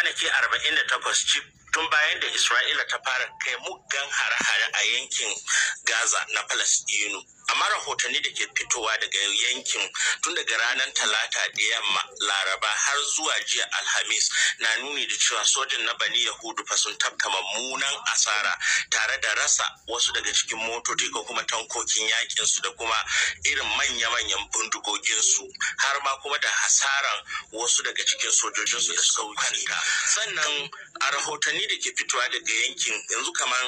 kwanaki 48 cif tun bayan da Isra'ila ta fara kai muggan hare-hare a yankin Gaza na palestinu. amma rahotanni da ke fitowa daga yankin tun daga ranar talata da yamma laraba har zuwa jiya alhamis na nuni da cewa sojin na bani yahudu fa sun tafka mummunan asara tare da rasa wasu daga cikin motoci ko kuma tankokin yakin su da kuma irin manya-manyan bindigogin su har ma kuma da hasaran wasu daga cikin sojojin su da suka kwanta sannan a rahotanni da ke fitowa daga yankin yanzu kamar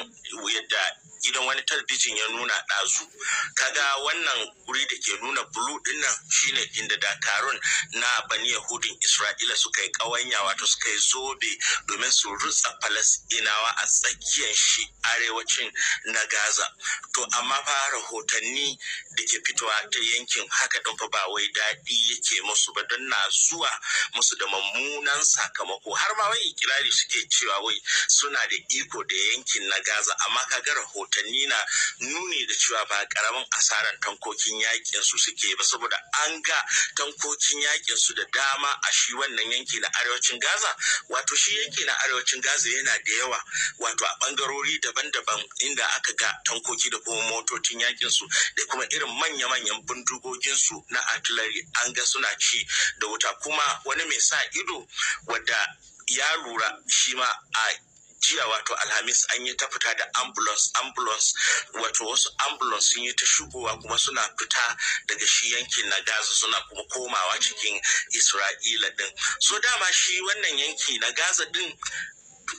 yadda gidan wani talbijin ya nuna ɗazu kaga wannan guri da ke nuna bulu dinnan shine inda dakarun na bani yahudin isra'ila suka yi ƙawanya wato suka yi zobe domin su rutsa falasɗinawa a tsakiyar shi arewacin na gaza to amma fa rahotanni da ke fitowa ta yankin haka don fa ba wai daɗi yake musu ba don na zuwa musu da mummunan sakamako har ma wai ikirari suke cewa wai suna da iko da yankin na gaza amma kaga rahoton rahotanni na nuni da cewa ba karamin asaran tankokin yakin su suke ba saboda an ga tankokin yakin su da dama a shi wannan yanki na arewacin Gaza wato shi yanki na arewacin Gaza yana da yawa wato a bangarori daban-daban inda aka ga tankoki da kuma motocin yakin su da kuma irin manya-manyan bindigogin su na artillery an ga suna ci da wuta kuma wani mai sa ido wadda ya lura shi ma a jiya wato alhamis an yi ta fita da ambulance ambulance wato wasu ambulance sun yi ta shigowa kuma suna fita daga shi yankin na gaza suna kuma komawa cikin isra'ila din so dama shi wannan yanki na gaza din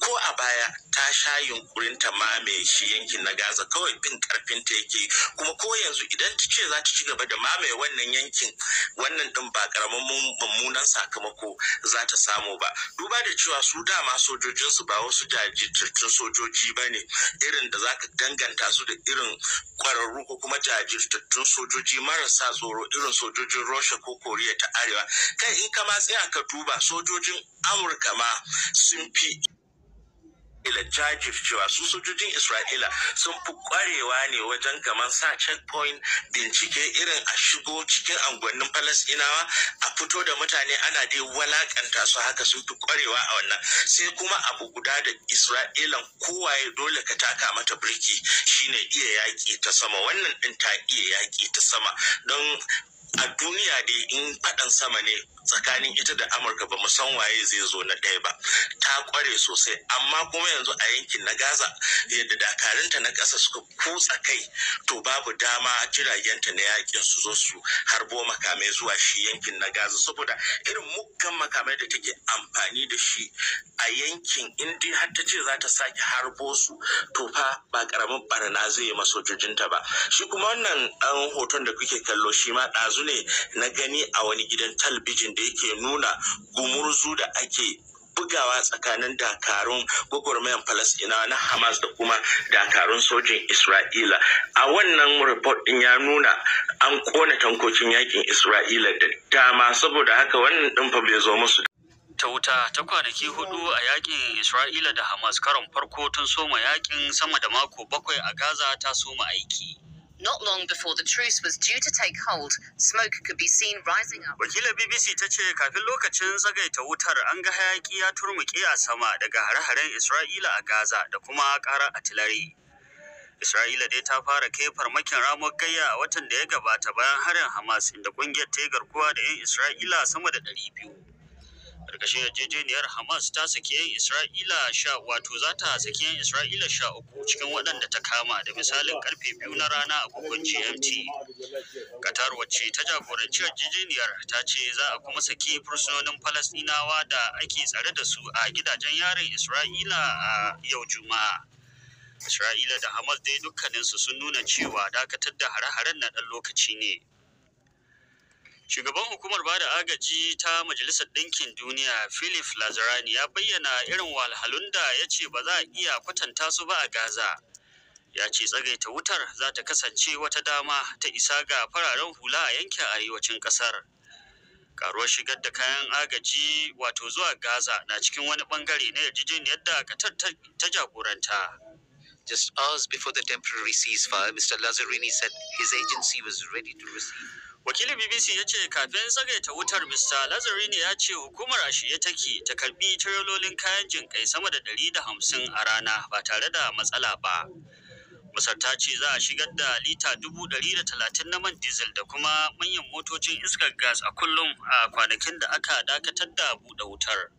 ko a baya ta sha yunkurin ta mamaye shi yankin na Gaza kawai bin karfin ta yake kuma ko yanzu idan ta ce za ta ci gaba da mamaye wannan yankin wannan din ba karamin mummunan sakamako za ta samu ba duba da cewa su dama sojojin su ba wasu jajirtattun sojoji ba ne irin da zaka danganta su da irin kwararru ko kuma jajirtattun sojoji marasa tsoro irin sojojin Russia ko Koriya ta Arewa kai in ka ma tsaya ka duba sojojin Amurka ma sun fi isra'ila jajircewa su sojojin isra'ila sun fi kwarewa ne wajen kamar sa checkpoint bincike irin a shigo cikin angwannin falasinawa a fito da mutane ana dai walakanta su haka sun fi kwarewa a wannan sai kuma abu guda da isra'ilan kowaye dole ka taka mata birki shine iya yaƙi ta sama wannan ɗin ta iya yaƙi ta sama don a duniya dai in faɗan sama ne tsakanin ita da amurka ba san waye zai zo na ɗaya ba ta kware sosai amma kuma yanzu a yankin na gaza yadda dakarinta na ƙasa suka kutsa kai to babu dama jiragenta na yakin su zo su harbo makamai zuwa shi yankin na gaza saboda irin mukan makamai da take amfani da shi a yankin indi har ta ce za ta sake harbo su to fa ba karamin barna zai yi masojojinta ba shi kuma wannan ɗan um, hoton da kuke kallo shi ma ɗazu ne na gani a wani gidan talbijin da yake nuna gumurzu da ake bugawa tsakanin dakarun gwagwarmayan falasɗinawa na hamas da kuma dakarun sojin isra'ila a wannan report din ya nuna an kona tankokin yakin isra'ila da dama saboda haka wannan din fa bai zo musu ta wuta ta kwanaki hudu a yakin isra'ila da hamas karon farko tun soma yakin sama da mako bakwai a gaza ta soma aiki Not long before the truce was due to take hold, smoke could be seen rising up. Wakilar BBC ta ce kafin lokacin zagaita wutar an ga hayaki ya turmuke a sama daga hare-haren Isra'ila a Gaza da kuma karar atilari. Isra'ila dai ta fara kai farmakin ramar gayya a watan da ya gabata bayan harin Hamas inda ƙungiyar ta yi garkuwa da 'yan Isra'ila sama da 200. karkashin yarjejeniyar hamas ta saki yan isra'ila sha wato za ta saki yan isra'ila sha uku cikin waɗanda ta kama da misalin karfe biyu na rana a kogon gmt qatar wacce ta jagoranci yarjejeniyar ta ce za a kuma saki fursunonin falasɗinawa da ake tsare da su a gidajen yarin isra'ila a yau juma'a isra'ila da hamas dai dukkaninsu sun nuna cewa dakatar da hare-haren na ɗan lokaci ne Shugaban hukumar ba da agaji ta Majalisar Ɗinkin Duniya Philip Lazarani ya bayyana irin walhalun da ya ce ba za a iya kwatanta su ba a Gaza. Ya ce tsagaita wutar za ta kasance wata dama ta isa ga fararen hula a yankin arewacin ƙasar. Karuwar shigar da kayan agaji wato zuwa Gaza na cikin wani bangare na yarjejeniyar da Katar ta jagoranta. Just hours before the temporary ceasefire, Mr. Lazarini said his agency was ready to receive. wakilin bbc ya ce kafin tsagaita wutar mr lazarini ya ce hukumar a shirye take ta karbi tirelolin kayan jin kai sama da 150 a rana ba tare da matsala ba masar ta ce za a shigar da lita dubu ɗari da talatin na man diesel da kuma manyan motocin iskar gas a kullum a kwanakin da aka dakatar da buɗe wutar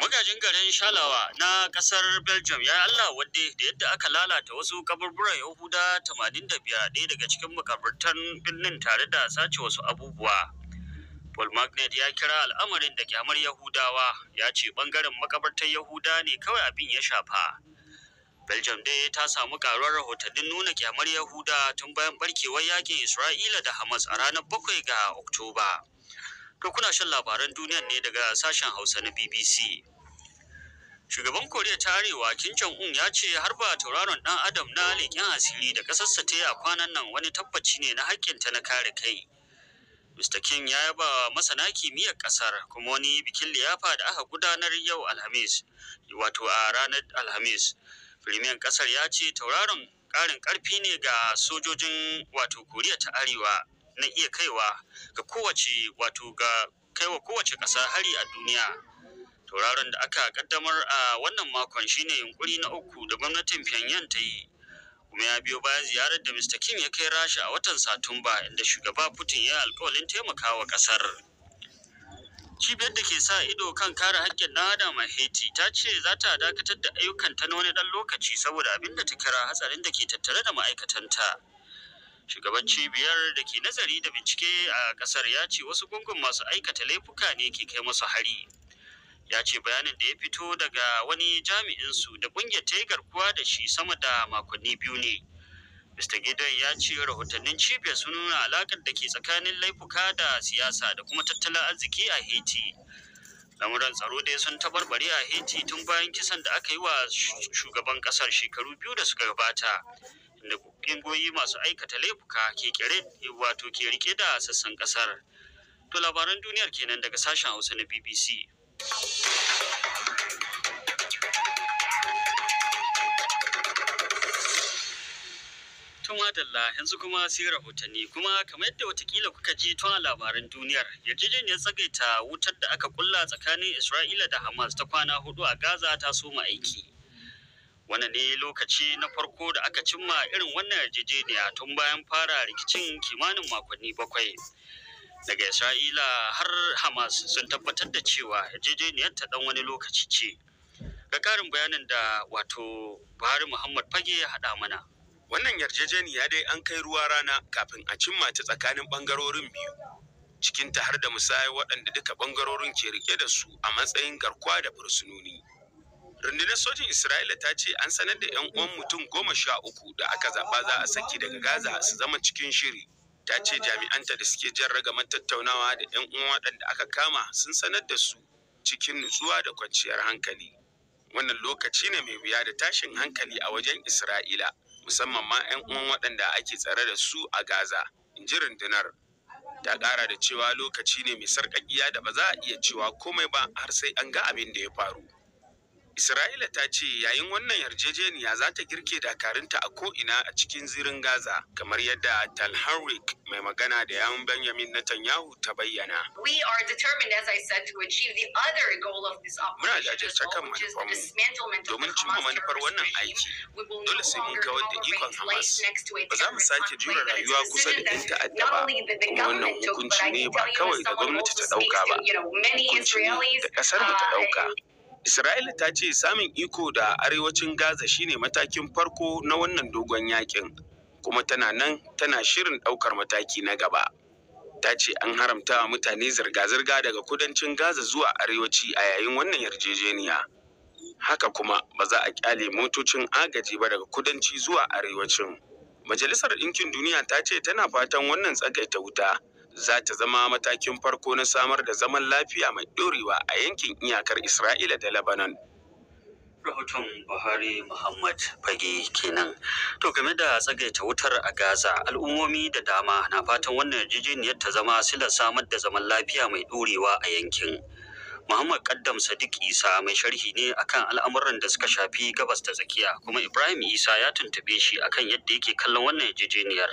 magajin garin shalawa na kasar belgium ya yi allah wadde da yadda aka lalata wasu kaburburan yahuda 85 ɗaya daga cikin makabartan birnin tare da sace wasu abubuwa paul magnet ya kira al'amarin da kyamar yahudawa ya ce bangaren makabartar yahuda ne kawai abin ya shafa belgium dai ta samu karuwar rahotannin nuna kyamar yahuda tun bayan barkewar yakin isra'ila da hamas a ranar 7 ga oktoba To kuna shan labaran duniyan ne daga sashen Hausa na BBC. Shugaban Koriya ta Arewa Kim Jong-un ya ce har ba tauraron ɗan Adam na leƙen asiri da ƙasarsa ta yi a kwanan nan wani tabbaci ne na ta na kare kai. Mr. Kim ya yaba masana kimiyyar ƙasar kuma wani bikin liyafa da aka gudanar yau Alhamis, wato a ranar Alhamis. Firimiyan ƙasar ya ce tauraron ƙarin ƙarfi ne ga sojojin wato Koriya ta Arewa. na iya kaiwa ga kowace wato ga kaiwa kowace ƙasa hari a duniya tauraron da aka kaddamar a wannan makon shine yunkuri na uku da gwamnatin Pyongyang ta yi kuma ya biyo bayan ziyarar da Mr. Kim ya kai Rasha a watan Satumba inda shugaba Putin ya yi taimaka taimakawa ƙasar. Cibiyar da ke sa ido kan kare haƙƙin ɗan adam a Haiti ta ce za ta dakatar da ayyukanta na wani ɗan lokaci saboda abin da ta kira hatsarin da ke tattare da ma'aikatanta. shugaban cibiyar da ke nazari da bincike a kasar ya ce wasu gungun masu aikata laifuka ne ke kai masu hari ya ce bayanin da ya fito daga wani jami'in su da kungiyar ta yi garkuwa da shi sama da makonni biyu ne mr gideon ya ce rahotannin cibiyar sun nuna alakar da ke tsakanin laifuka da siyasa da kuma tattalin arziki a haiti lamuran tsaro dai sun tabarbare a haiti tun bayan kisan da aka yi wa shugaban kasar shekaru biyu da suka gabata inda kungiyoyi masu aikata laifuka ke kere wato ke rike da sassan ƙasar. To labaran duniyar kenan daga sashen Hausa na BBC. tun madalla yanzu kuma sai rahotanni kuma kamar yadda watakila kuka ji tun a labaran duniyar yarjejeniyar tsagaita wutar da aka kulla tsakanin isra'ila da hamas ta kwana hudu a gaza ta soma aiki Wani ne lokaci na farko da aka cimma irin wannan yarjejeniya tun bayan fara rikicin kimanin makonni bakwai daga isra'ila har hamas sun tabbatar da cewa yarjejeniyar ta dan wani lokaci ce ga karin bayanin da wato buhari muhammad fage ya haɗa mana wannan yarjejeniya dai an kai ruwa rana kafin a cimma ta tsakanin bangarorin biyu cikin ta har da musayar waɗanda duka bangarorin ke rike da su a matsayin garkuwa da fursunoni rundunar sojin isra'ila ta ce an sanar da 'yan uwan mutum goma sha uku da aka zaɓa za a saki daga gaza su zama cikin shiri ta ce jami'anta da suke jan ragamar tattaunawa da 'yan uwan waɗanda aka kama sun sanar da su cikin nutsuwa da kwanciyar hankali wannan lokaci ne mai wuya da tashin hankali a wajen isra'ila musamman ma 'yan uwan waɗanda ake tsare da su a gaza in ji rundunar ta ƙara da cewa lokaci ne mai sarƙaƙiya da ba za a iya cewa komai ba har sai an ga abin da ya faru Isra'ila ta ce yayin wannan yarjejeniya za ta girke dakarunta a ko'ina a cikin zirin Gaza, kamar yadda Tal mai magana da yawun Benjamin Netanyahu ta bayyana. Muna jajirta kan manufarmu domin cimma manufar wannan aiki. Dole sai mun kawar da ikon Hamas. Ba za mu sake jura rayuwa kusa da 'yan ta'adda ba. Wannan hukunci ne ba kawai da gwamnati ta ɗauka ba. Hukunci ne da ƙasar mu ta uh, ɗauka. Isra'ila ta ce samun iko da arewacin Gaza shine matakin farko na wannan dogon yakin, kuma tana nan tana shirin ɗaukar mataki na gaba. Ta ce an haramta wa mutane zirga-zirga daga kudancin Gaza zuwa arewaci a yayin wannan yarjejeniya. Haka kuma ba za a ƙyale motocin agaji ba daga kudanci zuwa arewacin. Majalisar Ɗinkin Duniya ta ce tana fatan wannan tsagaita wuta. za ta zama matakin farko na samar da zaman lafiya mai ɗorewa a yankin iyakar Isra'ila da Lebanon. rahoton buhari muhammad fage kenan to game da tsagaita wutar a gaza al'ummomi da dama na fatan wannan yarjejeniyar ta zama sila samar da zaman lafiya mai ɗorewa a yankin muhammad kaddam sadiq isa mai sharhi ne akan al'amuran da suka shafi gabas ta tsakiya kuma ibrahim isa ya tuntube shi akan yadda yake kallon wannan yarjejeniyar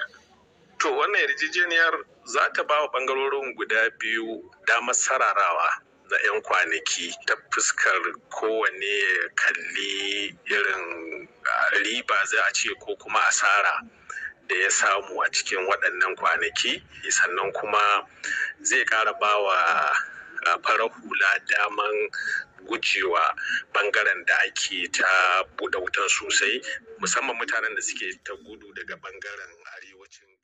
to wannan yarjejeniyar za ta ba wa bangarorin guda biyu damar sararawa na 'yan kwanaki ta fuskar kowane kalli irin riba za a ce ko kuma asara da ya samu a cikin waɗannan kwanaki sannan kuma zai ƙara ba wa farar hula daman gujewa bangaren da ake ta buɗe wutan sosai musamman mutanen da suke ta gudu daga bangaren arewacin